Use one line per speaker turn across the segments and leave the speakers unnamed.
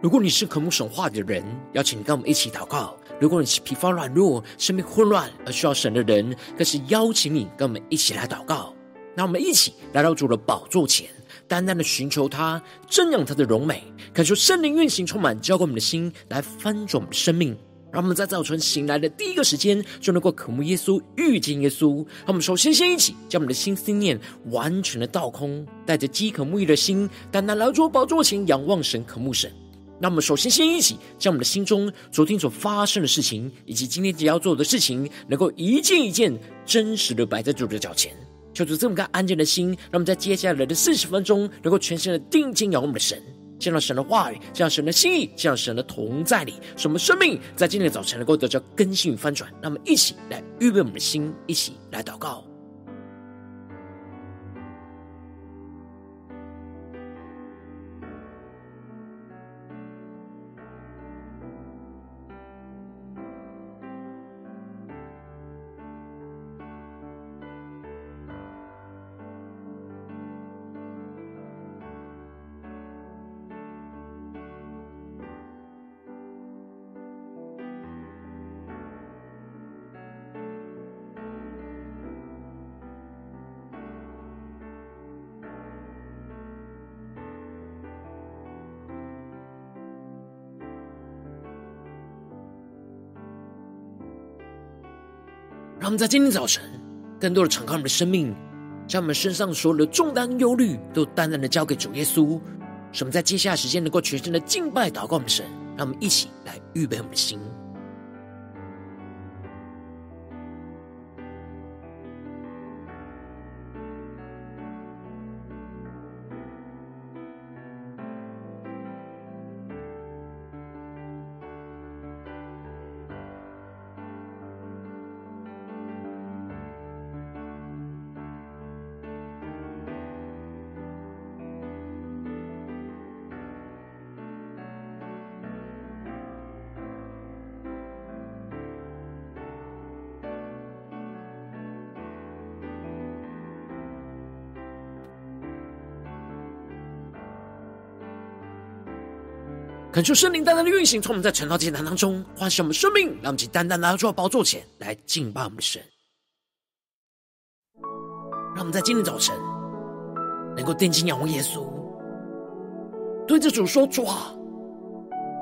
如果你是渴慕神話的人，邀請你跟我們一起禱告；如果你是疲乏軟弱、生命混亂而需要神的人，更是邀請你跟我們一起來禱告。那我們一起來到主的寶座前，單單的尋求他，瞻仰他的榮美，感受聖靈運行充滿，澆灌我們的心，來翻轉我們的生命。讓我們在早晨醒來的第一個時間，就能夠渴慕耶穌、遇見耶穌。讓我們首先先一起將我們的心思念完全的倒空，帶着飢渴慕義的心，單單來到寶座前仰望神、渴慕神。那我們首先先一起將我們的心中昨天所發生的事情，以及今天只要做的事情，能夠一件一件真實的擺在主的腳前，求主賜我們一個安靜的心，讓我們在接下來的四十分鐘，能夠全心的定睛仰望我們的神，見到神的話語，見到神的心意，見到神的同在裡，使我們生命在今天的早晨能夠得到更新與翻轉。那我們一起來預備我們的心，一起來禱告。我們在今天早晨，更多的敞開我們的生命，將我們身上所有的重擔、憂慮都單單的交給主耶穌。使我們在接下來時間能夠全心的敬拜、禱告，我們神。讓我們一起來預備我們的心。求聖靈單單的運行，從我們在晨禱祭壇當中，喚醒我們生命，讓我們以單單來到主的寶座前來敬拜我們的神。讓我們在今天早晨能夠定睛仰望耶穌，對着主說，主啊，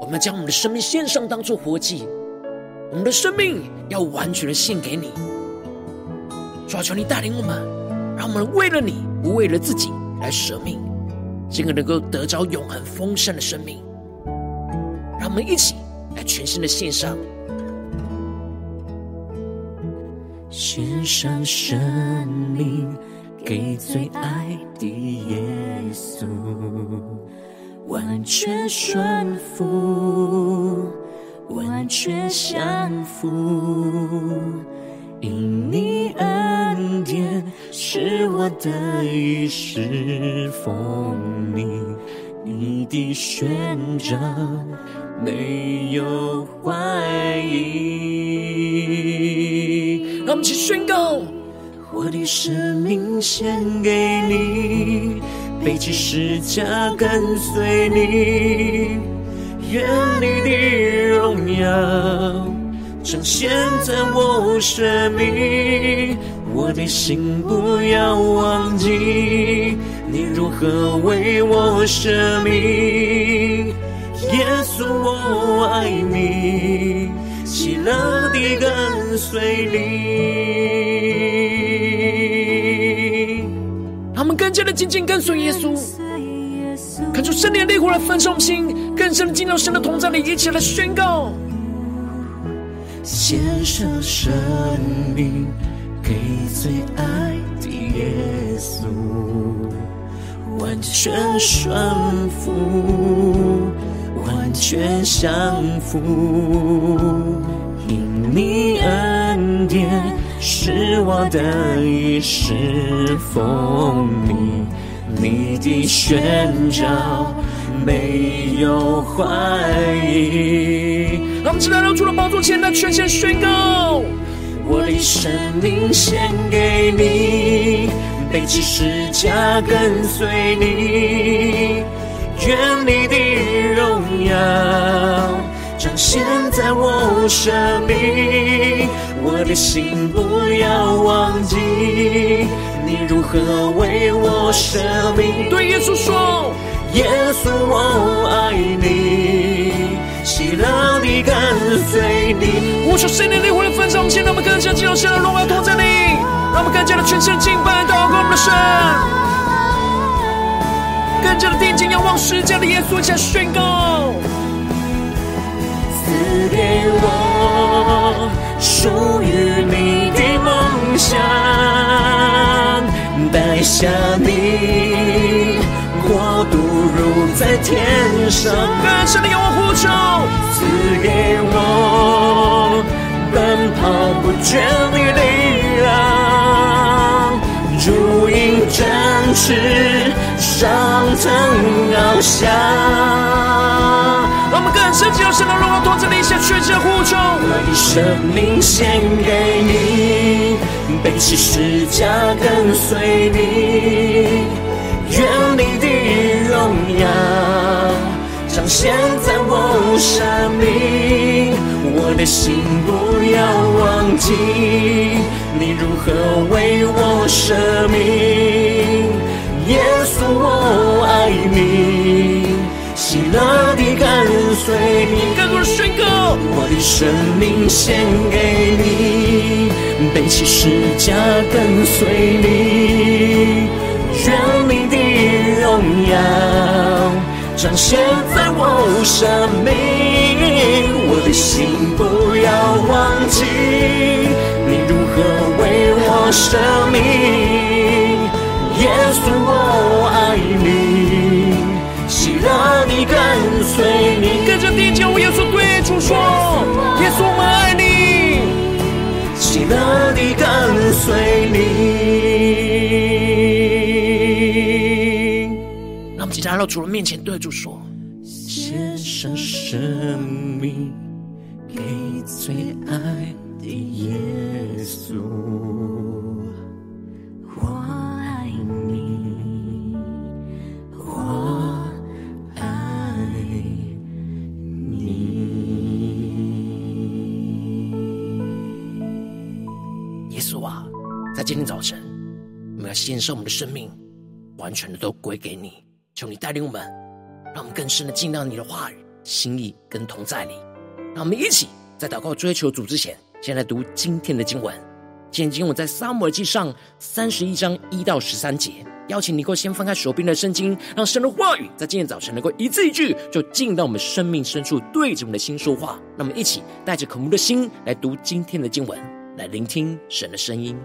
我們將我們的生命獻上，當做活祭，我們的生命要完全的獻給你。主啊，求你帶領我們，讓我們為了你不為了自己來捨命，這個能夠得着永恆豐盛的生命。讓我們一起來，全新
的獻、啊、上神明，獻上生命給最愛的耶穌，完全順服，完全降服，因你恩典是我的一世豐盈，你的選擇，沒有懷疑，讓我們一起宣告：我的生命獻給你，背起十字架跟隨你，願你的榮耀彰顯在我生命。我的心不要忘記，你如何為我捨命。耶穌，我愛你，喜樂地跟隨你。他們更加的緊緊跟隨耶穌，看出聖靈烈火來焚燒我們心，更深的進入到神的同在裡，一起來宣告。獻上生，生命給最愛的耶穌，完全順服。完全降服，因你恩典是我的一世奉命，你的宣告沒有懷疑。讓我們現在都除了寶座前，的全線宣告，我的生命獻給你，背起十字架跟隨你。願你的榮耀彰顯在我生命，我的心不要忘記你如何為我捨命。對耶穌說，耶穌我愛你，喜樂的跟隨你。我數十年的靈火的焚燒，我們先讓我們更加的進入到神的榮耀同在裡。讓我們更加的全身敬拜禱告我們的真正的定睛仰望，世界的耶穌向宣告。賜給我屬於你的夢想，帶下你國度，如在天上。真正的仰望呼求，賜給我奔跑不倦的力量，如鷹展翅。上騰翱翔、啊，我們更深進入神的榮耀，托起一些全家呼求。我的生命獻給你，背起十架跟隨你，願你的榮耀彰顯在我生命。我的心不要忘記，你如何為我捨命。我、哦、愛你，喜樂的跟隨你跟我，我的生命獻給你，背起十字架跟隨你，願你的榮耀展現在我生命，我的心不要忘記，你如何為我捨命。耶穌我愛你，喜樂地跟隨你。跟着弟兄，我要對主說：耶穌我愛你，喜樂地跟隨你。讓我們起來到主的面前，對主說：獻上生命。
接受我們的生命，完全的都歸給你。求你帶領我們，讓我們更深的進到你的話語、心意跟同在裡。讓我們一起在禱告、追求主之前，先來讀今天的經文。今天經文在撒母耳記上三十一章一到十三節。邀請你，夠先翻開手邊的聖經，讓神的話語在今天早晨能夠一字一句，就進到我們生命深處，對着我們的心說話。讓我們一起帶着渴慕的心來讀今天的經文，來聆聽神的聲音。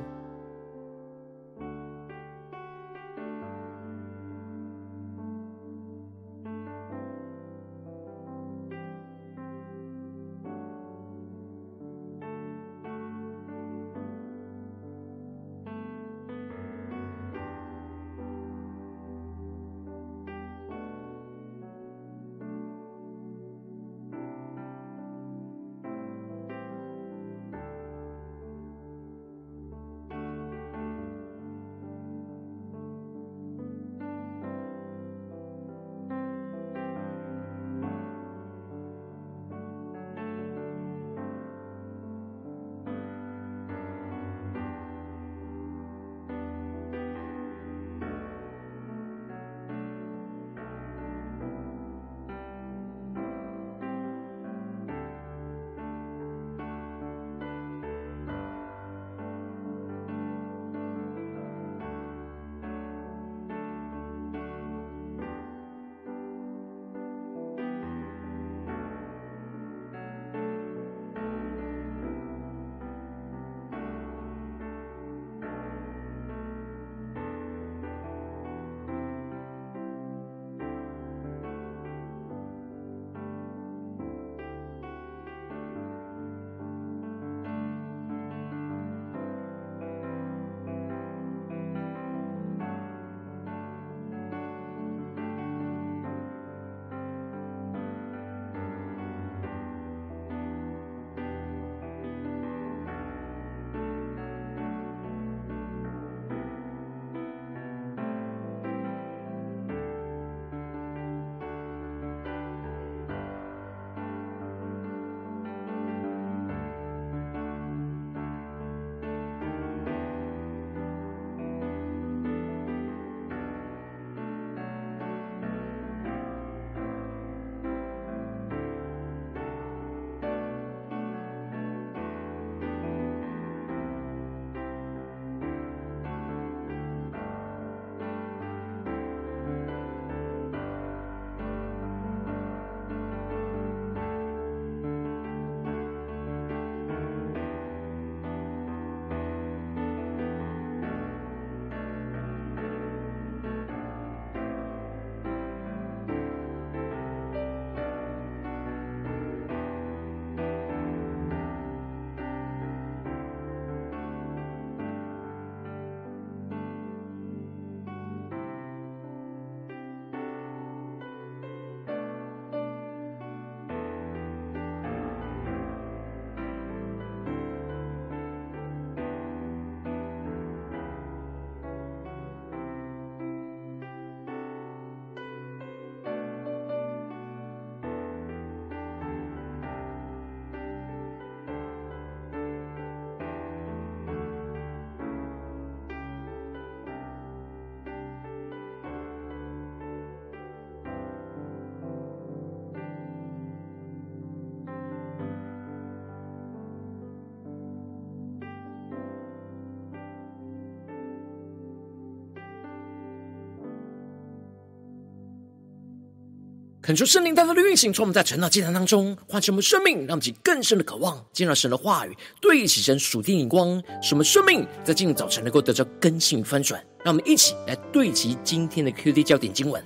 感受聖靈當中的運行，從我們在晨禱祭壇當中喚醒我們生命，讓其更深的渴望進入神的話語，對齊神屬天眼光，使我們生命在進早晨能夠得到更新與翻轉。讓我們一起來對齊今天的 QT 焦點經文，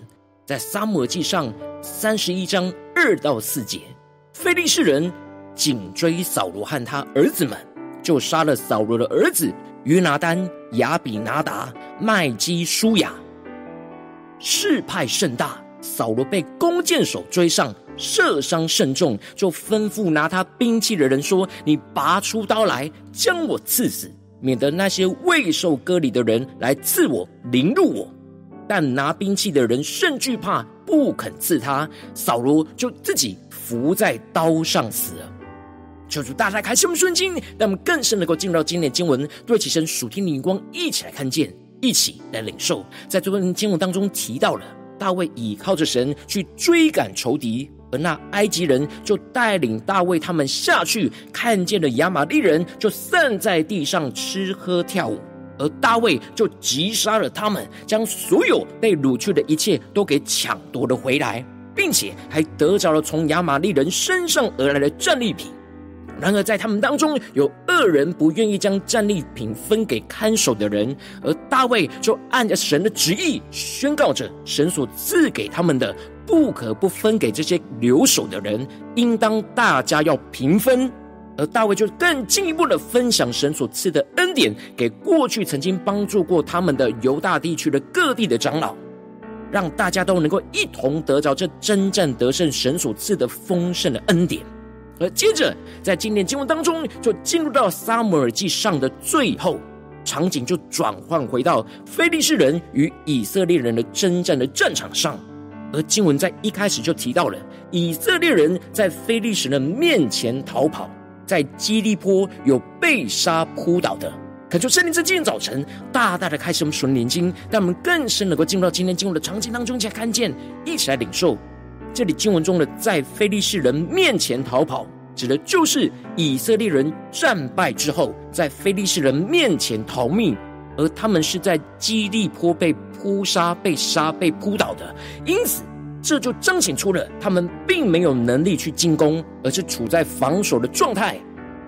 在撒母耳記上三十一章二到四節：非利士人緊追掃羅，和他兒子們，就殺了掃羅的兒子約拿單、亞比拿達、麥基舒亞，勢派甚大。掃羅被弓箭手追上，射傷甚重，就吩咐拿他兵器的人說：“你拔出刀來，將我刺死，免得那些未受割禮的人來刺我，凌辱我。”但拿兵器的人甚懼怕，不肯刺他。掃羅就自己伏在刀上死了。求主大大開心我們順心，那麼更深能夠進入到今天的經文，對起神屬天靈光，一起來看見，一起來領受。在這段經文當中提到了。大衛倚靠着神去追趕仇敵，而那埃及人就帶領大衛他們下去，看見了亞瑪力人就散在地上吃喝跳舞，而大衛就擊殺了他們，將所有被擄去的一切都給搶奪了回來，並且還得着了從亞瑪力人身上而來的戰利品。然而，在他們當中有惡人不願意將戰利品分給看守的人，而大衛就按着神的旨意宣告着：神所賜給他們的，不可不分給這些留守的人，應當大家要平分。而大衛就更進一步的分享神所賜的恩典，給過去曾經幫助過他們的猶大地區的各地的長老，讓大家都能夠一同得着這真正得勝神所賜的豐盛的恩典。而接着，在今天經文當中，就進入到撒母耳記上的最後場景，就轉換回到非利士人與以色列人的征戰的戰場上。而經文在一開始就提到了以色列人在非利士人面前逃跑，在基利波有被殺撲倒的。可是，聖靈在今天早晨大大的開始我們純靈經，但我們更深能夠進入到今天經文的場景當中，去看見，一起來領受。這裡經文中的在非利士人面前逃跑，指的就是以色列人戰敗之後，在非利士人面前逃命，而他們是在基利波被撲殺、被殺、被撲倒的。因此，這就彰顯出了他們並沒有能力去進攻，而是處在防守的狀態。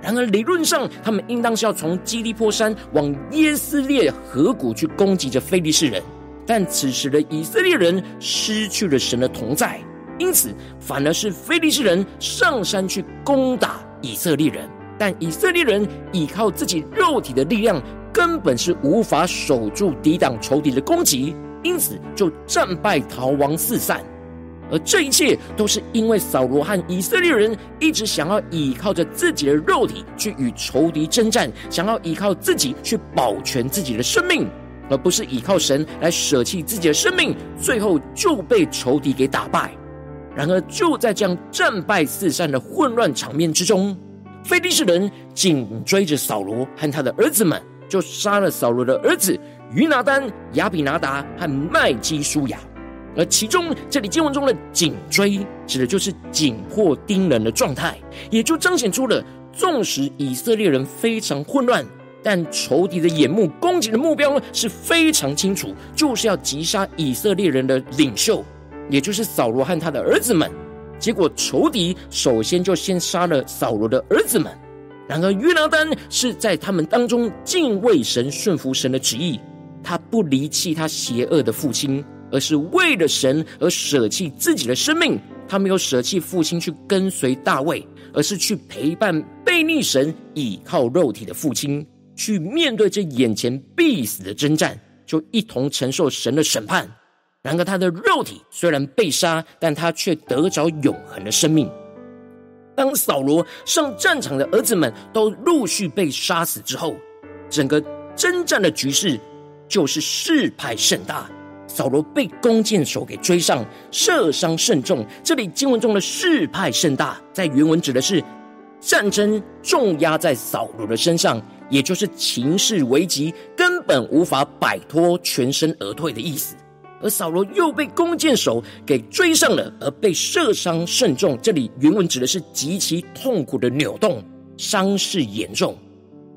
然而，理論上他們應當是要從基利波山往耶斯列河谷去攻擊着非利士人，但此時的以色列人失去了神的同在。因此，反而是非利士人上山去攻打以色列人，但以色列人依靠自己肉體的力量，根本是無法守住、抵擋仇敵的攻擊，因此就戰敗逃亡四散。而這一切都是因為掃羅和以色列人一直想要依靠着自己的肉體去與仇敵征戰，想要依靠自己去保全自己的生命，而不是依靠神來捨棄自己的生命，最後就被仇敵給打敗。然而，就在這樣戰敗四散的混亂場面之中，非利士人緊追着掃羅和他的兒子們，就殺了掃羅的兒子約拿單、亞比拿達和麥基舒亞。而其中，這裡經文中的“緊追”指的就是緊迫盯人的狀態，也就彰顯出了，縱使以色列人非常混亂，但仇敵的眼目攻擊的目標呢是非常清楚，就是要擊殺以色列人的領袖。也就是掃羅和他的兒子們，結果仇敵，首先就先殺了掃羅的兒子們。然而約拿單，是在他們當中敬畏神、順服神的旨意，他不離棄他邪惡的父親，而是為了神而捨棄自己的生命。他沒有捨棄父親去跟隨大衛，而是去陪伴悖逆神、倚靠肉體的父親，去面對這眼前必死的征戰，就一同承受神的審判。然而，他的肉體雖然被殺，但他卻得着永恆的生命。當掃羅上戰場的兒子們都陸續被殺死之後，整個征戰的局勢就是勢派甚大。掃羅被弓箭手給追上，射傷甚重。這裡經文中的勢派甚大，在原文指的是戰爭重壓在掃羅的身上，也就是情勢危急，根本無法擺脫，全身而退的意思。而掃羅又被弓箭手給追上了，而被射傷甚重。這裡原文指的是極其痛苦的扭動，傷勢嚴重。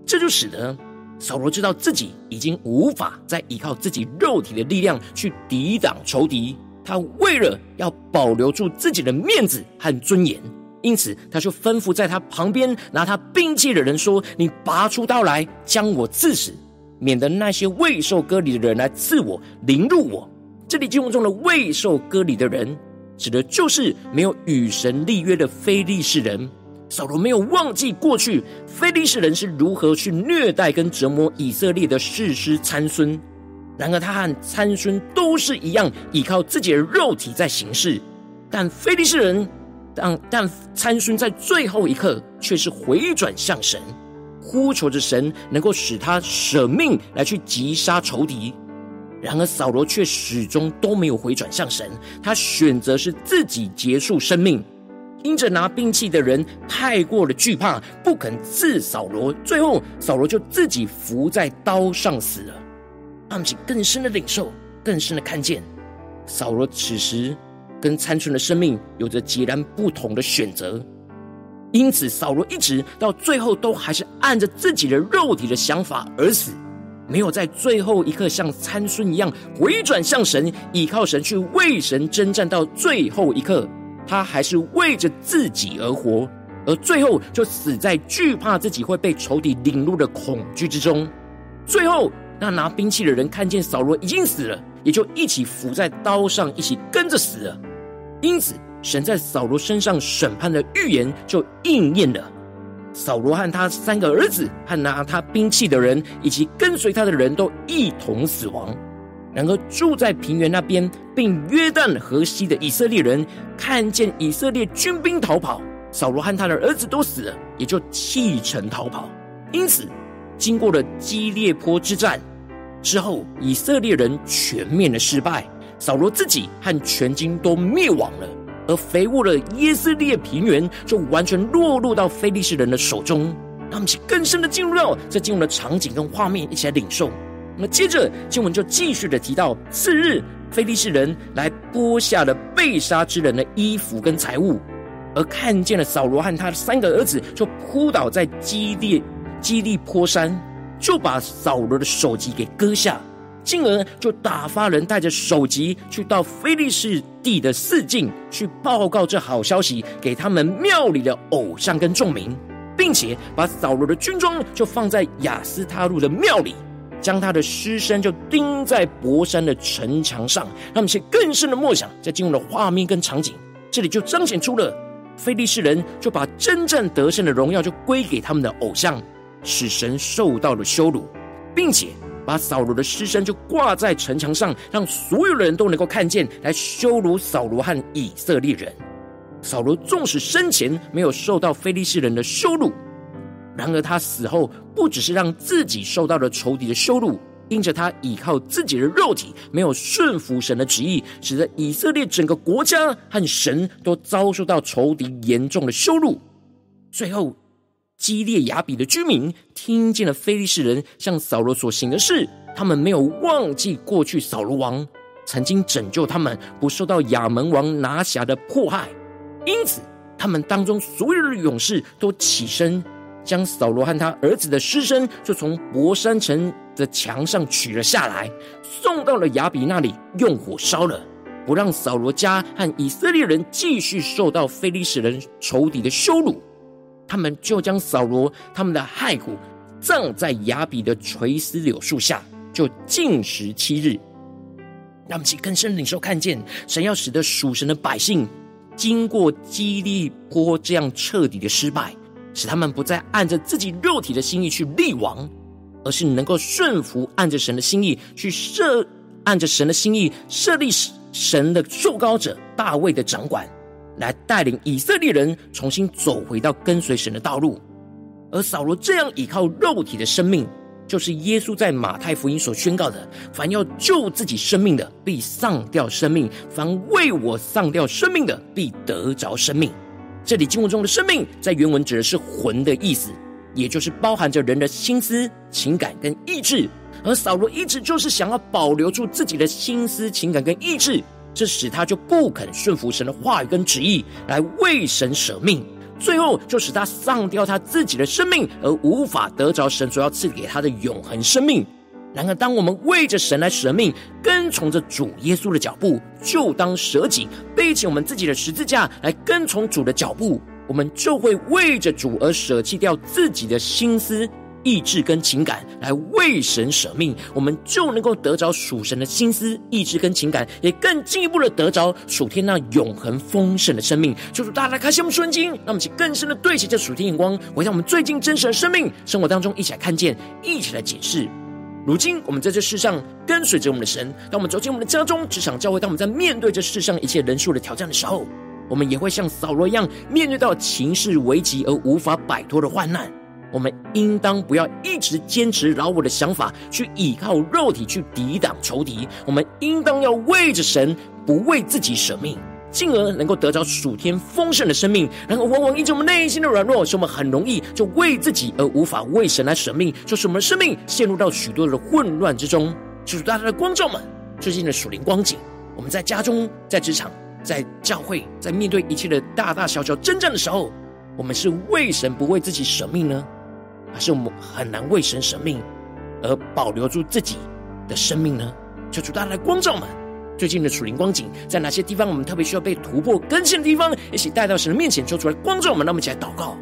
這就使得呢，掃羅知道自己已經無法再依靠自己肉體的力量去抵擋仇敵。他為了要保留住自己的面子和尊嚴，因此他就吩咐在他旁邊拿他兵器的人說：“你拔出刀來，將我刺死，免得那些未受割禮的人來刺我，凌辱我。”這裡經文中的未受割禮的人，指的就是沒有與神立約的非利士人。掃羅沒有忘記過去非利士人是如何去虐待跟折磨以色列的士師參孫。然而他和參孫都是一樣，依靠自己的肉體在行事。但非利士人，但但參孫在最後一刻卻是回轉向神，呼求着神能夠使他舍命來去擊殺仇敵。然而，掃羅卻始終都沒有回轉向神，他選擇是自己結束生命，因着拿兵器的人太過的懼怕，不肯刺掃羅，最後掃羅就自己伏在刀上死了。讓我們更深的領受，更深的看見，掃羅此時跟殘存的生命有着截然不同的選擇，因此掃羅一直到最後都還是按着自己的肉體的想法而死。沒有在最後一刻像參孫一樣回轉向神，倚靠神去為神征戰到最後一刻，他還是為着自己而活，而最後就死在懼怕自己會被仇敵凌辱的恐懼之中。最後，那拿兵器的人看見掃羅已經死了，也就一起伏在刀上，一起跟着死了。因此，神在掃羅身上審判的預言就應驗了。掃羅和他三個兒子，和拿他兵器的人，以及跟隨他的人都一同死亡。然而，住在平原那邊，並約旦河西的以色列人看見以色列軍兵逃跑，掃羅和他的兒子都死了，也就棄城逃跑。因此，經過了基利波之戰之後，以色列人全面的失敗，掃羅自己和全軍都滅亡了。而肥沃的耶斯列平原就完全落入到非利士人的手中。他們是更深的進入到這經文的場景跟畫面，一起來領受。那麼接着，經文就繼續的提到，次日非利士人來剝下了被殺之人的衣服跟財物，而看見了掃羅和他的三個兒子，就撲倒在基利基利波山，就把掃羅的首級給割下。進而就打發人帶着首級去到非利士地的四境，去報告這好消息給他們廟裡的偶像跟眾民，並且把掃羅的軍裝就放在亞斯他錄的廟裡，將他的屍身就釘在伯山的城牆上。讓我們先更深的默想，在進入的畫面跟場景，這裡就彰顯出了非利士人就把爭戰得勝的榮耀就歸給他們的偶像，使神受到了羞辱，並且，把掃羅的屍身就掛在城牆上，讓所有的人都能夠看見，來羞辱掃羅、羅和以色列人。掃羅縱使生前沒有受到非利士人的羞辱，然而他死後，不只是讓自己受到了仇敵的羞辱，因着他依靠自己的肉體，沒有順服神的旨意，使得以色列整個國家和神都遭受到仇敵嚴重的羞辱。最後。基列雅比的居民聽見了非利士人向掃羅所行的事，他們沒有忘記過去掃羅王曾經拯救他們不受到亞捫王拿轄的迫害，因此他們當中所有的勇士都起身，將掃羅和他兒子的屍身，就從伯珊城的牆上取了下來，送到了雅比那裡，用火燒了，不讓掃羅家和以色列人繼續受到非利士人仇敵的羞辱。他們就將掃羅他們的骸骨葬在雅比的垂絲柳樹下，就禁食七日。那麼我們更深領受看見，神要使得屬神的百姓經過基利波這樣徹底的失敗，使他們不再按着自己肉體的心意去立王，而是能夠順服按着神的心意去設，按着神的心意設立神的受膏者大衛的掌管，來帶領以色列人重新走回到跟隨神的道路，而掃羅這樣依靠肉體的生命，就是耶穌在馬太福音所宣告的：凡要救自己生命的，必喪掉生命；凡為我喪掉生命的，必得着生命。這裡經文中的生命，在原文指的是魂的意思，也就是包含着人的心思、情感跟意志。而掃羅一直就是想要保留住自己的心思、情感跟意志。這使他就不肯順服神的話語跟旨意，來為神舍命，最後就使他喪掉他自己的生命，而無法得着神所要賜給他的永恆生命。然而，當我們為着神來舍命，跟從着主耶穌的腳步，就當舍己，背起我們自己的十字架來跟從主的腳步，我們就會為着主而捨棄掉自己的心思。意志跟情感來為神舍命，我們就能夠得着屬神的心思、意志跟情感，也更進一步的得着屬天那永恆豐盛的生命。祝福大家開心順經，讓我們去更深的對齊這屬天眼光，回到我們最近真實的生命生活當中，一起來看見，一起來解釋。如今我們在這世上跟隨着我們的神，當我們走進我們的家中、職場、教會，當我們在面對這世上一切人數的挑戰的時候，我們也會像掃羅一樣，面對到情勢危急而無法擺脫的患難。我們應當不要一直堅持老我的想法，去依靠肉體去抵擋仇敵。我們應當要為着神，不為自己捨命，進而能夠得着屬天豐盛的生命。然後往往因着我們內心的軟弱，使我們很容易就為自己而無法為神來捨命，就是我們的生命陷入到許多的混亂之中。主大大的光照我們，最近的屬靈光景，我們在家中、在職場、在教會、在面對一切的大大小小征戰的時候，我們是為神不為自己捨命呢？還是我們很難為神舍命，而保留住自己的生命呢？求主大大來光照我們。最近的屬靈光景，在哪些地方我們特別需要被突破更新的地方？一起帶到神的面前，求主來光照我們。讓我們起來禱告。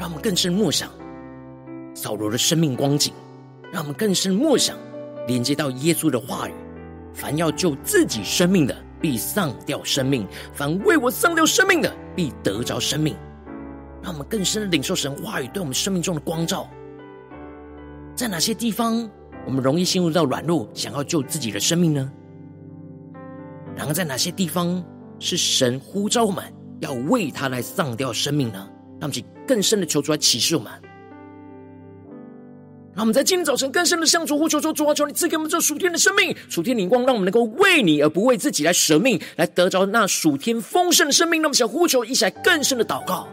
讓我們更深默想掃羅的生命光景，讓我們更深默想連接到耶穌的話語：“凡要救自己生命的，必喪掉生命；凡為我喪掉生命的，必得着生命。”讓我們更深地領受神話語對我們生命中的光照。在哪些地方我們容易陷入到軟弱，想要救自己的生命呢？然後在哪些地方是神呼召我們要為他來喪掉生命呢？那麼請。更深的求主來啟示我們啊，那我們在今天早晨更深的向主呼求說：主啊，求你賜給我們這屬天的生命、屬天靈光，讓我們能夠為你而不為自己來捨命，來得着那屬天豐盛的生命。那麼，想呼求一起來更深的禱告。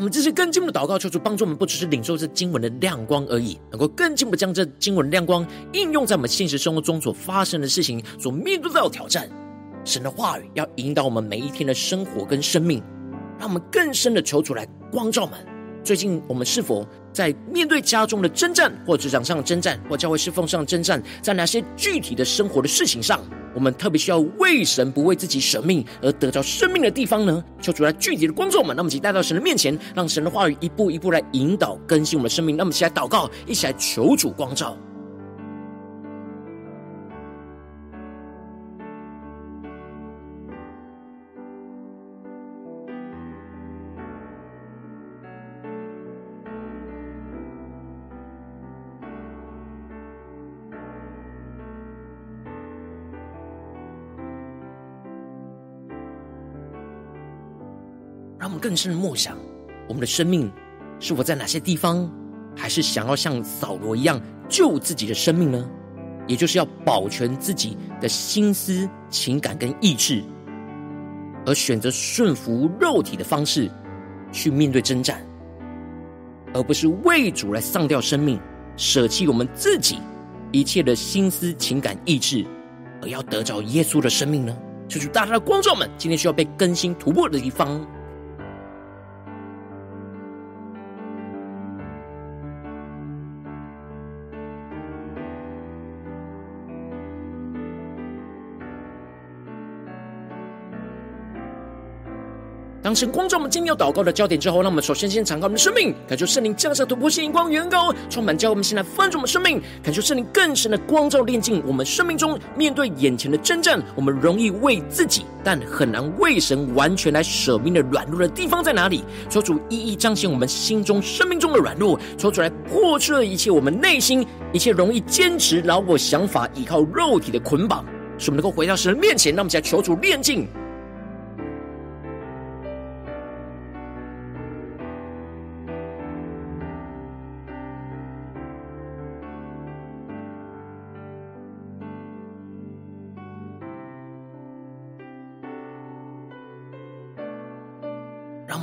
我們這是更進一步禱告，求主幫助我們，不只是領受這經文的亮光而已，能夠更進一步將這經文亮光應用在我們現實生活中所發生的事情、所面對到的挑戰。神的話語要引導我們每一天的生活跟生命，讓我們更深的求主來光照我們。最近我們是否在面對家中的征戰，或職場上的征戰，或教會侍奉上的征戰，在哪些具體的生活的事情上？我們特別需要為神不為自己捨命而得到生命的地方呢？求主來具體的光照嘛。那麼，請帶到神的面前，讓神的話語一步一步來引導更新我們的生命。那麼，一起來禱告，一起來求主光照。更深的默想，我們的生命是否在哪些地方，還是想要像掃羅一樣救自己的生命呢？也就是要保全自己的心思、情感跟意志，而選擇順服肉體的方式去面對徵戰，而不是為主來喪掉生命，捨棄我們自己一切的心思、情感、意志，而要得着耶穌的生命呢？就是大家的光照們，今天需要被更新突破的地方。成光照我們，今天要禱告的焦點之後，那我們首先先敞開我們的生命，感受聖靈降下突破性光高，源高充滿。教我們現在翻着我們生命，感受聖靈更深的光照煉淨我們生命中面對眼前的爭戰。我們容易為自己，但很難為神完全來舍命的軟弱的地方在哪裡？求主一一彰顯我們心中生命中的軟弱，說出來破除了一切我們內心一切容易堅持老我想法、依靠肉體的捆綁，使我們能夠回到神的面前。讓我們來求主煉淨。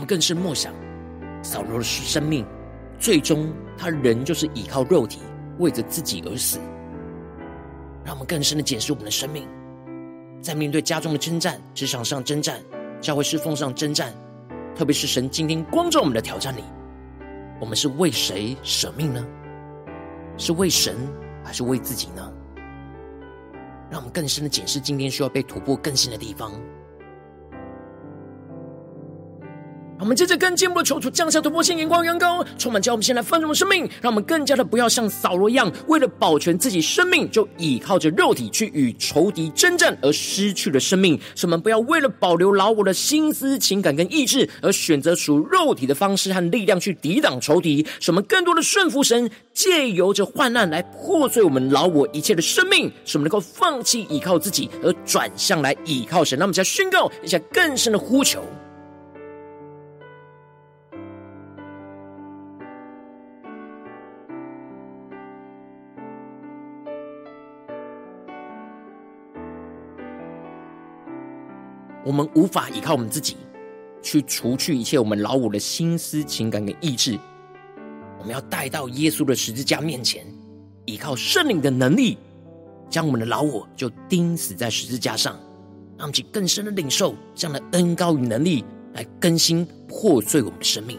更是默想，掃羅的生命，最終他仍舊是依靠肉體，為着自己而死。讓我們更深的檢視我們的生命，在面對家中的征戰、職場上征戰、教會侍奉上征戰，特別是神今天光照我們的挑戰裡，我們是為誰捨命呢？是為神，還是為自己呢？讓我們更深的檢視今天需要被突破更新的地方。我們接着跟堅固的仇敵降下突破性眼光，光，陽光充滿，叫我們先來放鬆生命，讓我們更加的不要像掃羅一樣，為了保全自己生命，就倚靠着肉體去與仇敵征戰而失去了生命。使我們不要為了保留老我的心思、情感跟意志，而選擇屬肉體的方式和力量去抵擋仇敵。使我們更多的順服神，借由着患難來破碎我們老我一切的生命。使我們能夠放棄倚靠自己，而轉向來倚靠神。讓我們來宣告一下更深的呼求。我們無法依靠我們自己去除去一切我們老我的心思、情感跟意志，我們要帶到耶穌的十字架面前，依靠聖靈的能力，將我們的老我就釘死在十字架上。讓其更深的領受這樣的恩膏與能力，來更新破碎我們的生命。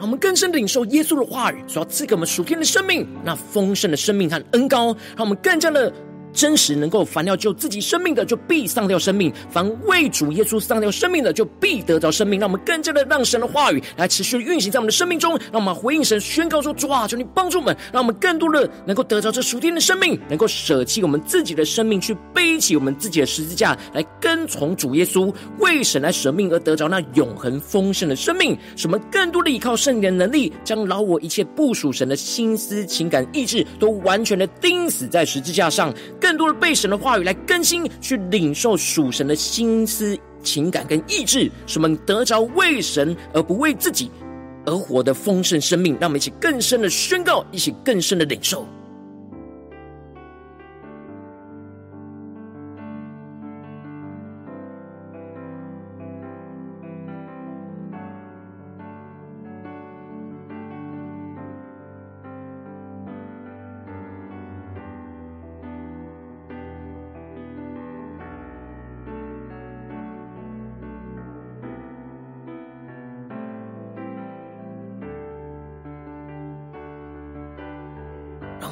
讓我們更深的領受耶穌的話語，所要賜給我們屬天的生命，那豐盛的生命和恩膏，讓我們更加的。真實能夠凡要救自己生命的，就必喪掉生命；凡為主耶穌喪掉生命的，就必得着生命。讓我們更加的讓神的話語來持續運行在我們的生命中，讓我們回應神，宣告說：主啊，求你幫助我們，讓我們更多的能夠得着這屬天的生命，能夠捨棄我們自己的生命，去背起我們自己的十字架，來跟從主耶穌，為神來捨命而得着那永恆豐盛的生命。使我們更多的依靠聖靈的能力，將老我一切不屬神的心思、情感、意志，都完全的釘死在十字架上。更多的被神的話語來更新，去領受屬神的心思、情感跟意志，使我們得着為神而不為自己而活的豐盛生命。讓我們一起更深的宣告，一起更深的領受。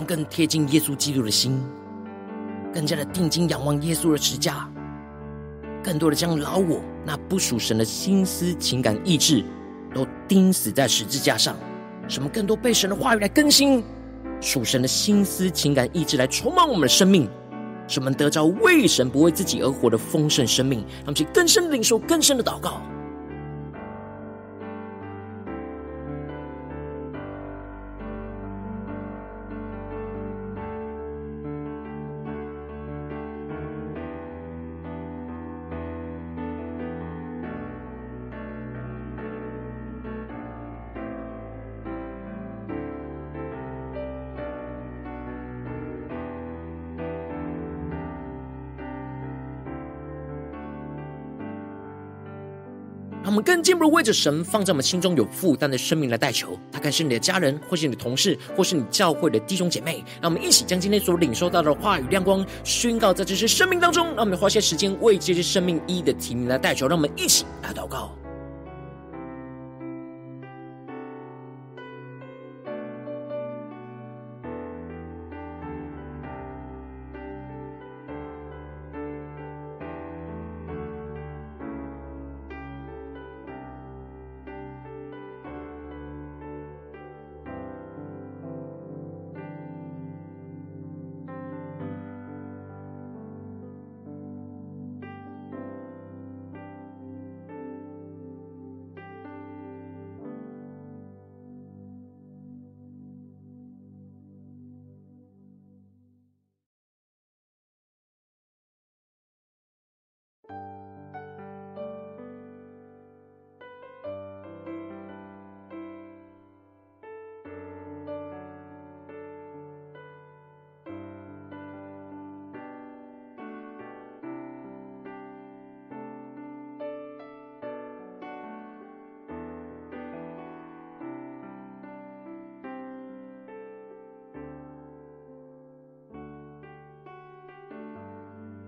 更貼近耶穌基督的心，更加的定睛仰望耶穌的十字架，更多的將老我那不屬神的心思、情感、意志，都釘死在十字架上。什麼？更多被神的話語來更新屬神的心思、情感、意志，來充滿我們的生命。什麼？得着為神不為自己而活的豐盛生命。讓我們去更深領受，更深的禱告。更進一步為，為着神放在我們心中有負擔的生命來代求。他看是你的家人，或是你的同事，或是你教會的弟兄姐妹。讓我們一起將今天所領受到的話語亮光宣告在這些生命當中。讓我們花些時間為這些生命一一的提名來代求。讓我們一起來禱告。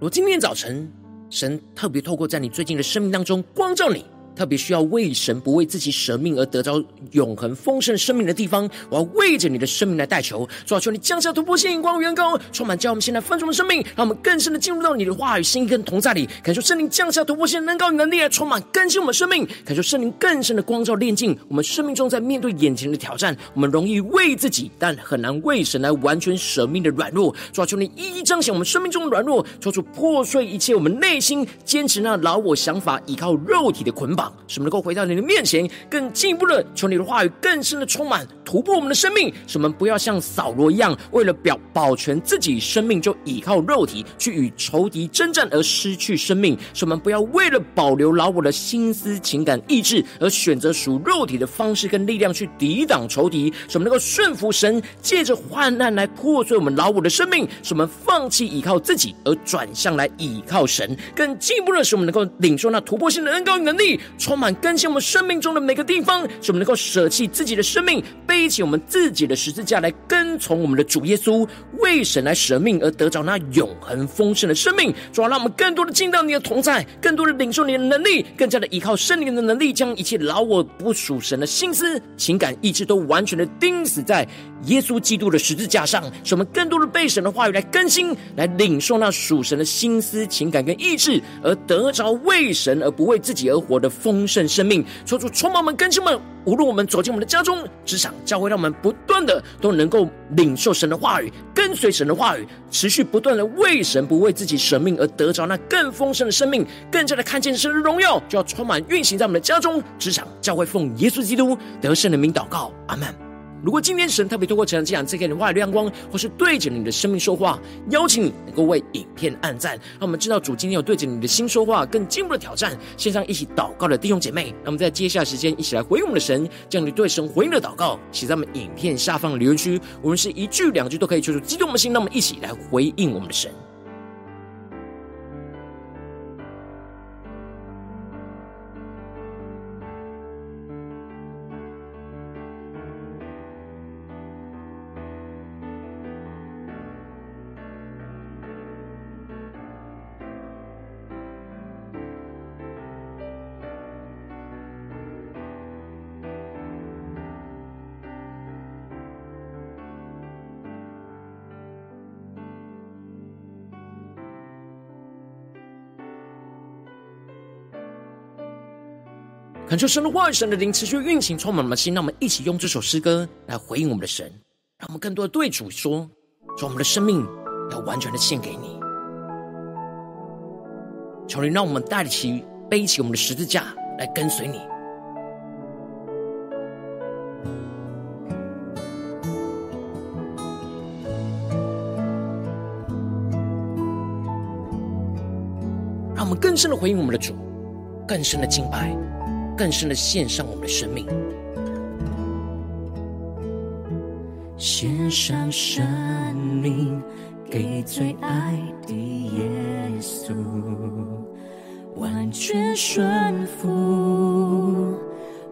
如果今天早晨，神特別透過在你最近的生命當中光照你，特別需要為神不為自己捨命而得着永恆豐盛生命的地方，我要為着你的生命來代求。抓住你降下突破性光與員，充滿教我們現在豐盛的生命，讓我們更深的進入到你的話語、心意跟同在裡，感受聖靈降下突破性恩膏與能力，充滿更新我們生命，感受聖靈更深的光照煉淨我們生命中在面對眼前的挑戰，我們容易為自己，但很難為神來完全捨命的軟弱，抓住你一一彰顯我們生命中的軟弱，抓住破碎一切我們內心堅持那老我想法，依靠肉體的捆綁。使我們能夠回到你的面前，更進一步的求你的話語更深的充滿，突破我們的生命。使我們不要像掃羅一樣，為了表保全自己生命，就倚靠肉體去與仇敵征戰而失去生命。使我們不要為了保留老我的心思情感意志，而選擇屬肉體的方式跟力量去抵擋仇敵。使我們能夠順服神，借着患難來破碎我們老我的生命。使我們放棄依靠自己，而轉向來依靠神，更進一步的使我們能夠領受那突破性的恩膏能力。充滿更新我們生命中的每個地方，使我們能夠捨棄自己的生命，背起我們自己的十字架來跟從我們的主耶穌，為神來捨命而得着那永恆豐盛的生命。主要讓我們更多的進到你的同在，更多的領受你的能力，更加的依靠聖靈的能力，將一切老我不屬神的心思、情感、意志都完全的釘死在耶穌基督的十字架上。使我們更多的被神的話語來更新，來領受那屬神的心思、情感跟意志，而得着為神而不為自己而活的豐盛生命，求主充滿我們、更新們，無論我們走進我們的家中、職場、教會，讓我們不斷的都能夠領受神的話語，跟隨神的話語，持續不斷的為神不為自己捨命而得着那更豐盛的生命，更加的看見神的榮耀，就要充滿運行在我們的家中、職場、教會，奉耶穌基督得勝的名禱告，阿門。如果今天神特別透過成長記，讓賜給你話語的亮光，或是對着你的生命說話，邀請你能夠為影片按讚，讓我們知道主今天有對着你的心說話，更進一步的挑戰。線上一起禱告的弟兄姐妹，讓我們在接下來時間一起來回應我們的神，將你對神回應的禱告寫在我們影片下方的留言區。我們是一句兩句都可以說出激動的心，讓我們一起來回應我們的神。懇求神的愛，神的靈持續運行，充滿我們的心。讓我們一起用這首詩歌來回應我們的神，讓我們更多的對主說，說我們的生命要完全的獻給你。求你讓我們帶起背起我們的十字架來跟隨你。讓我們更深的回應我們的主，更深的敬拜。更深的獻上我們的生命，獻上
生命給最愛的耶穌，完全順服，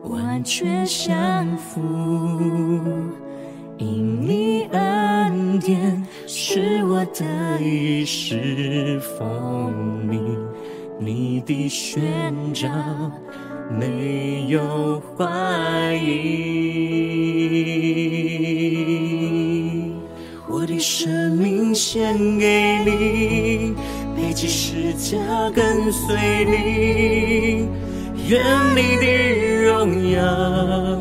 完全降服，因你恩典是我的一世豐盈，你的宣召。沒有懷疑，我的生命獻給你，背起十字架跟隨你，願你的榮耀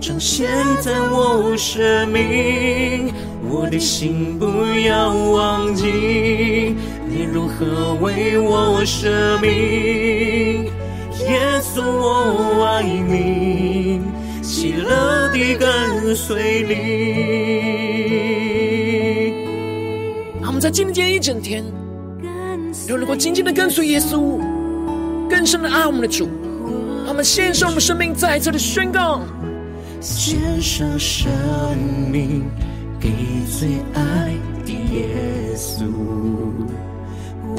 彰顯在我生命，我的心不要忘記，你如何為我捨命。耶穌，我愛你，喜樂地跟隨你。讓我們在今天一整天，都能夠緊緊地跟隨耶穌，更深地愛我們的主。阿們，獻上我們生命，再一次的宣告：獻上生，生命給最愛的耶穌，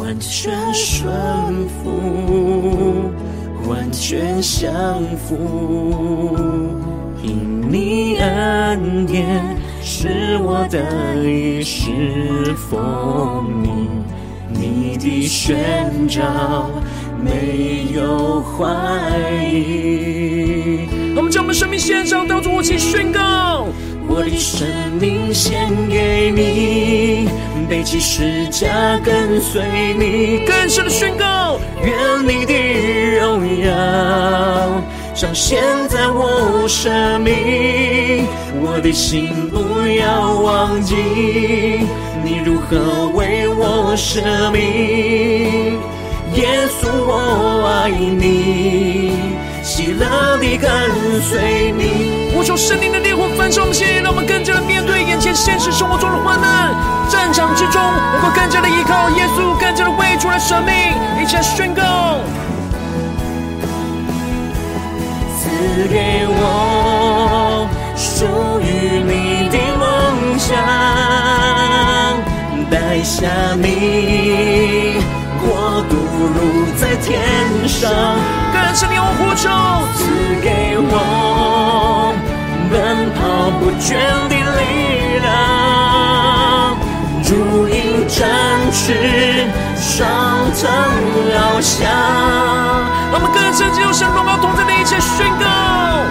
完全順服。完全相符，因你恩典是我的一世風命，你的宣召沒有懷疑。我們將我們生命獻上，當作武器宣告，我的生命獻給你，背起十字架跟隨你，更深的宣告，願你的榮耀彰顯在我生命，我的心不要忘記，你如何為我捨命，耶穌我愛你。喜樂的跟隨你，呼求生命的烈火焚燒，讓我們更加的面對眼前現實生活中的患難。戰場之中，我們更加的依靠耶穌，更加的為主來捨命，一起來宣告。賜給我屬於你的夢想，帶下你國度，如在天上。聖靈，我呼求，賜給我奔跑不倦的力量，如鷹展翅，雙翅翱翔。讓我們各人稱謝，因神榮耀統治的一起宣告。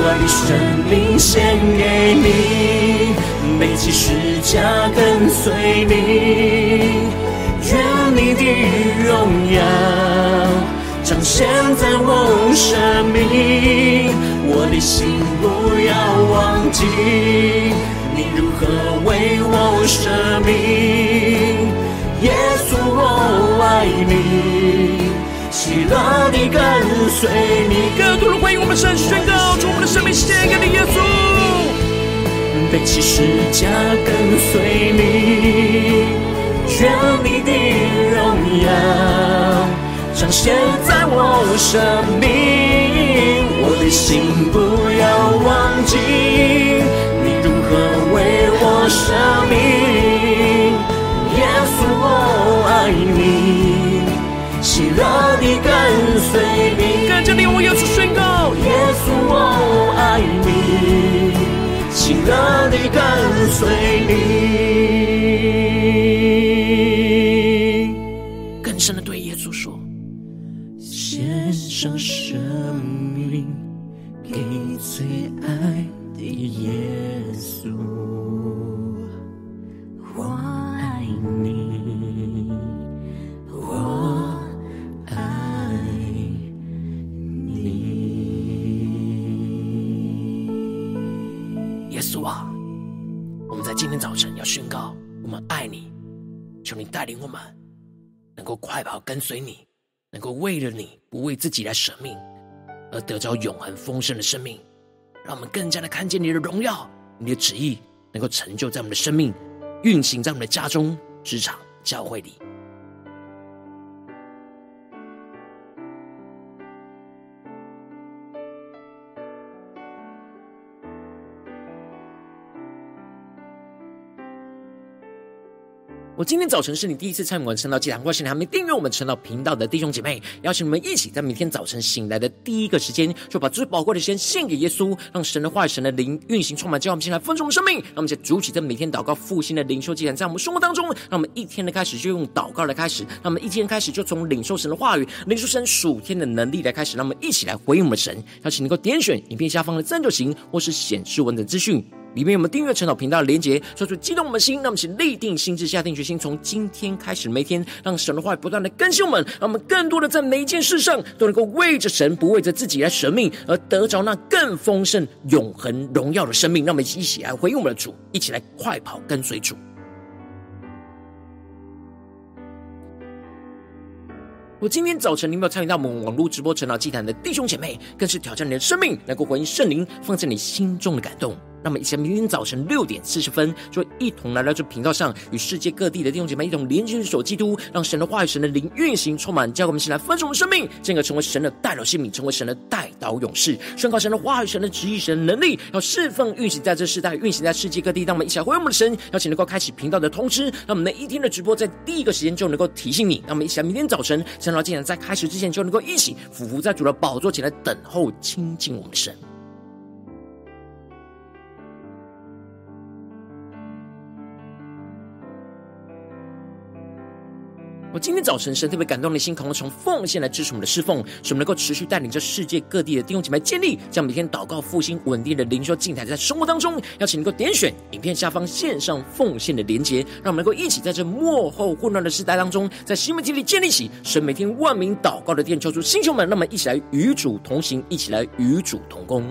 我的生命獻給你，背起十架跟隨你，願你的榮耀。彰顯在我生命，我的心不要忘記，你如何為我捨命？耶穌，我愛你，喜樂地跟隨你。更多人歡迎我們聖事宣告，主我，我們的生命獻給你，耶穌，背起十字架跟隨你，願你的榮耀。彰顯在我生命，我的心不要忘記，你如何為我捨命？耶穌我愛你，喜樂地跟隨你。跟着你，我要去宣告。耶穌我愛你，喜樂地跟隨你。
跟隨你，能夠為了你不為自己來捨命，而得着永恆豐盛的生命，讓我們更加的看見你的榮耀，你的旨意能夠成就在我們的生命，運行在我們的家中、職場、教會裡。我今天早晨是你第一次參與我們晨禱祭壇，或是你還沒訂閱我們晨禱頻道的弟兄姐妹，邀請你們一起在每天早晨醒來的第一個時間，就把最寶貴的時間獻給耶穌，讓神的話語、神的靈運行充滿，叫我們現在豐盛我們生命，讓我們再築起這每天禱告復興的靈修祭壇，在我們生活當中，讓我們一天的開始就用禱告來開始，讓我們一天開始就從領受神的話語、領受神屬天的能力來開始，讓我們一起來回應我們的神，邀請你給我點選影片下方的贊助行或是顯示文的資訊。裡面有我們訂閱晨禱頻道的連結，說出激動我們的心。那麼，請立定心志，下定決心，從今天開始，每天讓神的話不斷的更新我們，讓我們更多的在每一件事上都能夠為着神，不為着自己來捨命，而得着那更豐盛、永恆、榮耀的生命。那麼，一起來回應我們的主，一起來快跑，跟隨主。我今天早晨，你有沒有參與到我們網絡直播晨禱祭壇的弟兄姐妹？更是挑戰你的生命，能夠回應聖靈放在你心中的感動。那麼，一起來，明天早晨六點四十分，就會一同來到這頻道上，與世界各地的弟兄姐妹一同聯軍守基督，讓神的話語、神的靈運行，充滿，叫我們一起來分享我們生命，這個成為神的代禱生命，成為神的代禱勇士，宣告神的話語、神的旨意、神的能力，要釋放、運行在這世代，運行在世界各地。讓我們一起來回應我們的神，邀請能夠開啟頻道的通知，讓我們那一天的直播在第一個時間就能夠提醒你。讓我們一起來，明天早晨，晨禱祭壇在開始之前就能夠一起俯伏在主的寶座前來等候、親近我們的神。我今天早晨，神特別感動的心，可能從奉獻來支持我們的侍奉，使我們能夠持續帶領着世界各地的弟兄姐妹建立將每天禱告復興穩，穩定的靈修祭壇在生活當中，邀請能夠點選影片下方線上奉獻的連結，讓我們能夠一起在這末後混亂的時代當中，在新媒體裡建立起神每天萬民禱告的殿，求主，星球們，讓我們一起來與主同行，一起來與主同工。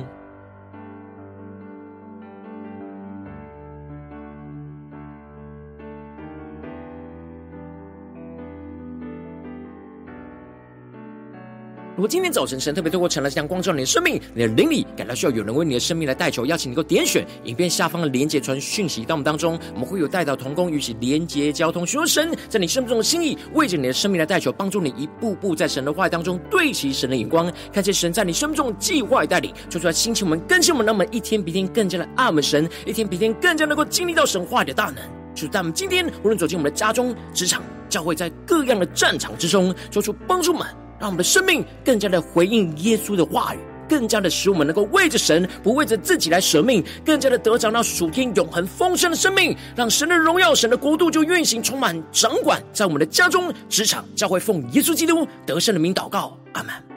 如果今天早晨神特別透過晨糧將光照你的生命，你的靈裡感到需要有人為你的生命來代求，邀請你能夠點選影片下方的連結傳訊息到我們當中，我們會有代禱同工與你連結交通，尋求神在你生命中的心意，為着你的生命來代求，幫助你一步步在神的話語當中對齊神的眼光，看見神在你生命中的計劃與帶領，就是要興起我們，更新我們，讓我們一天比一天更加的愛我們神，一天比一天更加能夠經歷到神話語的大能，就在我們今天無論走進我們的家中、職場、教會，在各樣的戰場之中，做出幫助們。讓我們的生命更加的回應耶穌的話語，更加的使我們能夠為着神，不為着自己來捨命，更加的得着那屬天永恆豐盛的生命，讓神的榮耀、神的國度就運行、充滿、掌管在我們的家中、職場、教會，奉耶穌基督得勝的名禱告，阿門。